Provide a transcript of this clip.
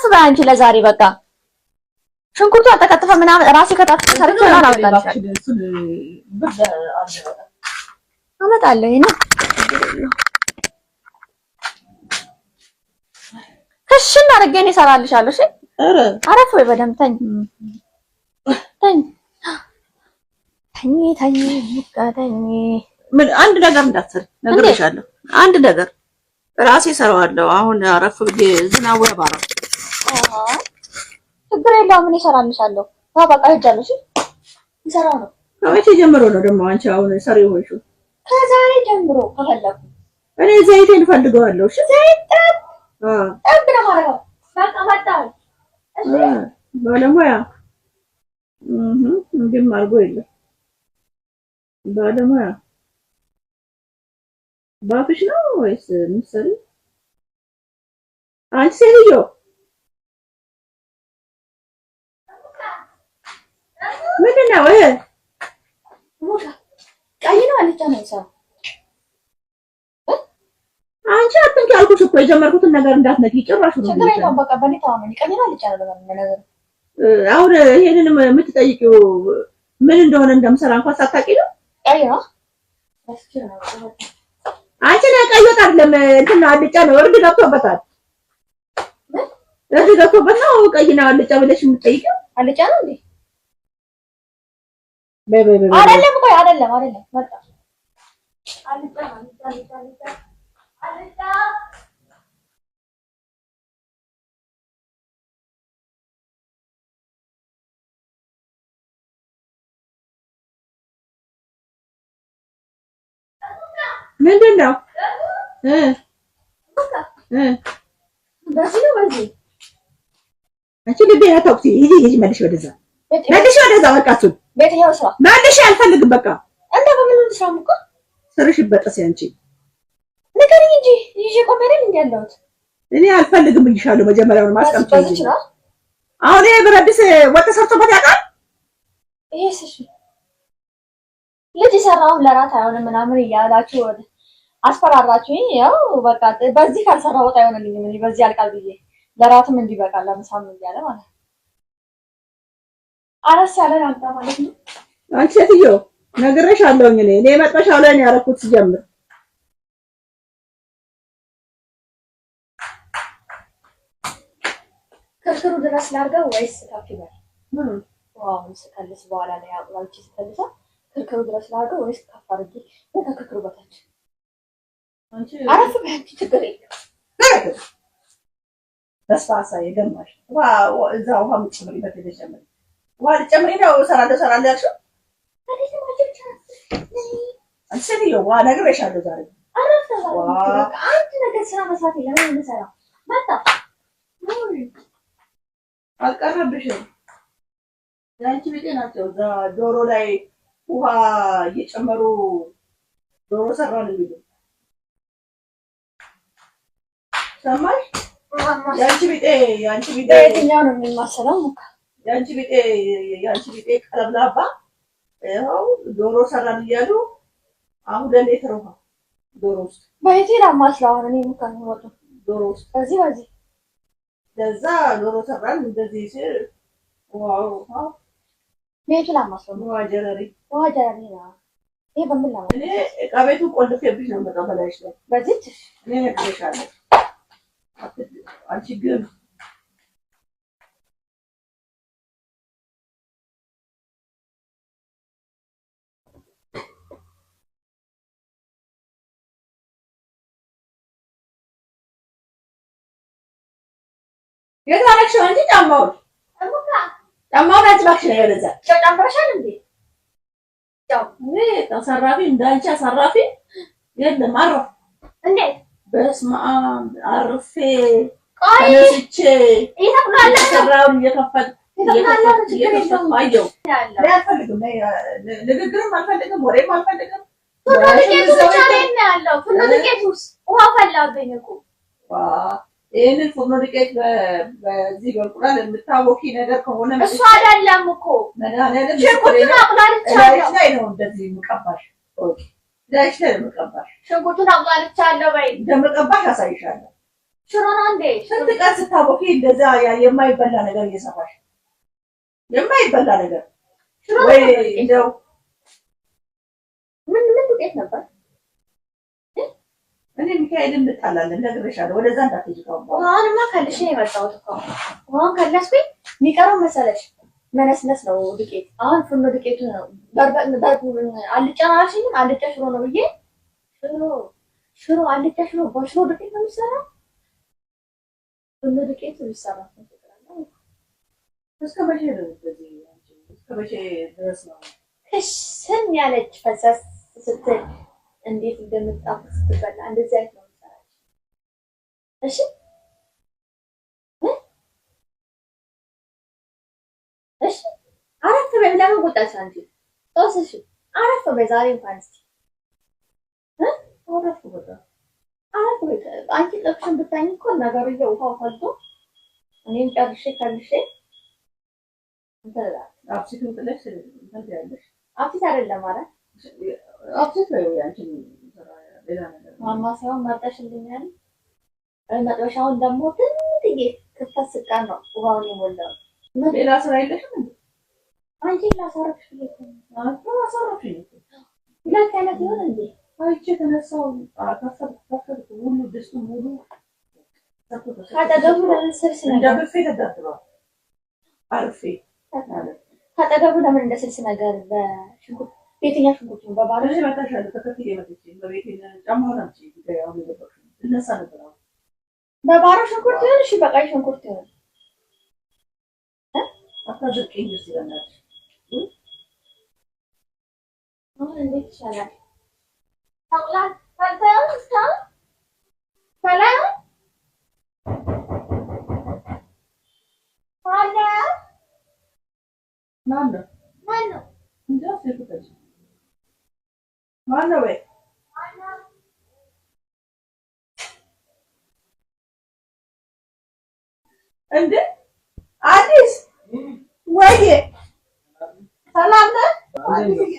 ቀስ በይ አንቺ ለዛሬ በቃ ሽንኩርቱ አልተከተፈ ምናምን ራሴ ከታች ሰርቶ እና አመጣለሁ ይሄን። ክሽን አድርጌ እኔ እሰራልሻለሁ። እሺ አረፍ ወይ በደምብ ተኝ ተኝ ተኝ ተኝ ተኝ። ምን አንድ ነገር እንዳትሰሪ ነግሬሻለሁ። አንድ ነገር ራሴ እሰራዋለሁ። አሁን አረፍ ብዬ ዝናቡ ያባራል ችግር የለውም። ምን እሰራልሻለሁ። ዋ በቃ ሄጃለሁ። እሺ እንሰራው ነው። ከመቼ ጀምሮ ነው ደግሞ አንቺ አሁን ሰሪ ሆንሽ? ከዛሬ ጀምሮ ከፈለኩ እኔ ዘይቴን ፈልገዋለሁ። እሺ ዘይት ጠብ ጠብ ነው ማረጋው። በቃ መጣሁ። ባለሙያ እንዲህም አድርጎ የለም ባለሙያ ባፍሽ ነው ወይስ ምሳሌ አንቺ ሴትዮ ምንድን ነው ይሄ? ቀይ ነው አልጫ ነው ሰው አንቺ አጥንቅ ያልኩሽ እኮ የጀመርኩትን ነገር እንዳትነቂ ጭራሽ ነው። ችግር የለውም በቃ በኔ ተዋመኝ። ቀይ ነው አልጫ ነው ነገር አሁን ይሄንንም የምትጠይቂው ምን እንደሆነ እንደምሰራ እንኳን ሳታውቂ ነው። ቀይ ነው አንቺ ነው ቀይ ወጥ አይደለም እንትን አልጫ ነው። እርድ ገብቶበታል። እርድ ገብቶበት ነው ቀይ ነው አልጫ ብለሽ የምትጠይቂው አልጫ ነው እንዴ? አይደለም ቆይ አይደለም አይደለም በቃ አልጣ አልጣ ምንድን ነው እ እ በዚህ ነው በዚህ አንቺ ልቤ ነው ተውኩት። ሂጂ መልሽ ወደዛ መልሽ ወደዛ በቃ እሱን በየትኛው ስራ ማለሽ አልፈልግም። በቃ እንደ በምን ልስራም እኮ ስርሽ ይበጠስ ያንቺ ነገር እንጂ ይዤ ቆሜ አይደል እንዴ ያለሁት እኔ አልፈልግም ብዬሻለሁ። መጀመሪያውን ማስቀምጥ እንጂ አሁን ይሄ ብረት ወጥ ሰርቶበት ያውቃል። ይሄስ እሺ ልጅ የሰራውን ለራት አይሆንም ምናምን እያላችሁ አስፈራራችሁኝ። ያው በቃ በዚህ ካልሰራ ወጥ አይሆንልኝም፣ በዚህ አልቃል ብዬ ለራትም እንዲበቃል ለምሳም እያለ ማለት ነው አረስ ያለን አልጋ ማለት ነው። አንቺ ሴትዮ ነግሬሻለሁኝ። እኔ እኔ መጥበሻው ላይ ነው ያደረኩት ሲጀምር ክርክሩ ድረስ ላድርገው ወይስ ካፊበር? ዋው ስከልስ በኋላ ላይ አቁራጭ ስከልሳ ክርክሩ ድረስ ላድርገው ወይስ ካፋርጂ? ከክርክሩ በታች አረፍ በያንቺ ችግር የለም በስፋሳ የገማሽ ዋው እዛ ውሃ ምጭምሪ በተደጀመረ ውሃ ልጨምሪ ነው እሰራለሁ እሰራለሁ ያልሽው? አንቺ ሴትዮ ውሃ ነግሬሻለሁ ዛሬ አንድ ነገር ስራ መስራት የለም የምሰራው አልቀረብሽም። የአንቺ ቢጤ ናቸው እዛ ዶሮ ላይ ውሃ እየጨመሩ ዶሮ ሰራን የሚሉ ሰማሽ? የአንቺ ቢጤ የአንቺ ቢጤ የትኛው ነው የሚማሰለው? የአንቺ ቢጤ የአንቺ ቢጤ ቀለብላባ ይኸው ዶሮ ሰራን እያሉ አሁን ለእኔ ተረፋ ዶሮ ውስጥ በየት ሄዳ ማስላሁን እኔ ሙካን ወጡ ዶሮ ውስጥ በዚህ በዚህ ለዛ ዶሮ ሰራን እንደዚህ ሲል ዋው ዋው ቤቱ ላማስለው ይሄ በምን ነው እኔ ዕቃ ቤቱ ቆልፌብሽ ነው መቀበል አይችልም። በዚህ እኔ ነግሬሻለሁ። አንቺ ግን የት አደረግሽው? እንጂ ጫማውን ጫማውን አንቺ እባክሽ ነው የወደዛ ጨምረሻል እንዴ? አሳራፊ እንዳንቺ አሳራፊ የለም። አረፍ እንዴ? በስመ አብ አርፌ ተነስቼ ሰራውን እየከፈትኩ ንግግርም አልፈልግም፣ ወሬም አልፈልግም። ቱና ዱቄቱ ብቻ ውሃ ፈላብኝ እኮ ይህንን ፉርኖ ዱቄት በዚህ በእንቁላል የምታወቂ ነገር ከሆነ እሱ አይደለም እኮ ሽንኩርቱን አቁላልቻለሁ ላይ ነው እንደዚህ የምቀባሽ ላይሽ ላይ የምቀባሽ ሽንኩርቱን አቁላልቻለሁ በይ እንደምቀባሽ አሳይሻለሁ። ሽሮ ነው እንዴ ስንት ቀን ስታወቂ እንደዛ የማይበላ ነገር እየሰራሽ የማይበላ ነገር ወይ እንደው ምን ምን ዱቄት ነበር እኔ ሚካኤል እንጣላለን ነግሬሻለሁ። ወደዛ እንዳትሄጂ ውሃውንማ ከልሽ ነው የመጣሁት እኮ ውሃውን ከለስኩኝ የሚቀረው መሰለሽ መነስነስ ነው ዱቄት። አሁን ፍኖ ዱቄቱን ነው አልጫ አልሽኝም። አልጫ ሽሮ ነው ብዬ ሽሮ ሽሮ አልጫ ሽሮ በሽሮ ዱቄት ነው የሚሰራው። ፍኖ ዱቄት የሚሰራ እስከ መቼ ነው እስከ መቼ ድረስ ነው ክስን ያለች ፈሰስ ስትል እንዴት እንደምጣፍጥ ስትበላ እንደዚህ አይነት ነው የምሰራቸው። እሺ እሺ፣ አረፍ በይ። ለምን ወጣሽ አንቺ? ጦስ እሺ፣ አረፍ በይ ዛሬ እንኳን እስኪ አረፍ በይ፣ አረፍ በይ። አንቺ ጥቅሽን ብታኝ እኮ ነገሩ ውሃው ፈልቶ እኔም ጨርሼ ከልሼ እንትን እላለሁ። አብሲቱን ጥለሽ እንትን ትያለሽ። አብሲት አይደለም ማለት ማማሰያውን መርጠሽልኝ ያለኝ መጥበሻውን ደግሞ ትንትዬ ክፍተት ስቃን ነው ውሃውን የሞላው። ሌላ ስራ የለሽም? አንቺ ሁለት አይነት ይሆን እንዴ? አይቼ የተነሳው ሙሉ ድስቱ ሙሉ ካጠገቡ ለምንስልስ ካጠገቡ ለምን እንደ ስልስ ነገር በሽንኩርት Peter Yaşmut'un babaannesi. Evet aşağıda katılamadık. Bebeğin camlarımcıydı. Devamlı bakın. Nasıl anladım? বাবা আরো করতে হবে সে বাকাই শোন করতে হবে হ্যাঁ আপনার জন্য কি হয়েছিল না না না ማነው ወይ እንደ አዲስ ወይ ሰላም ነህ?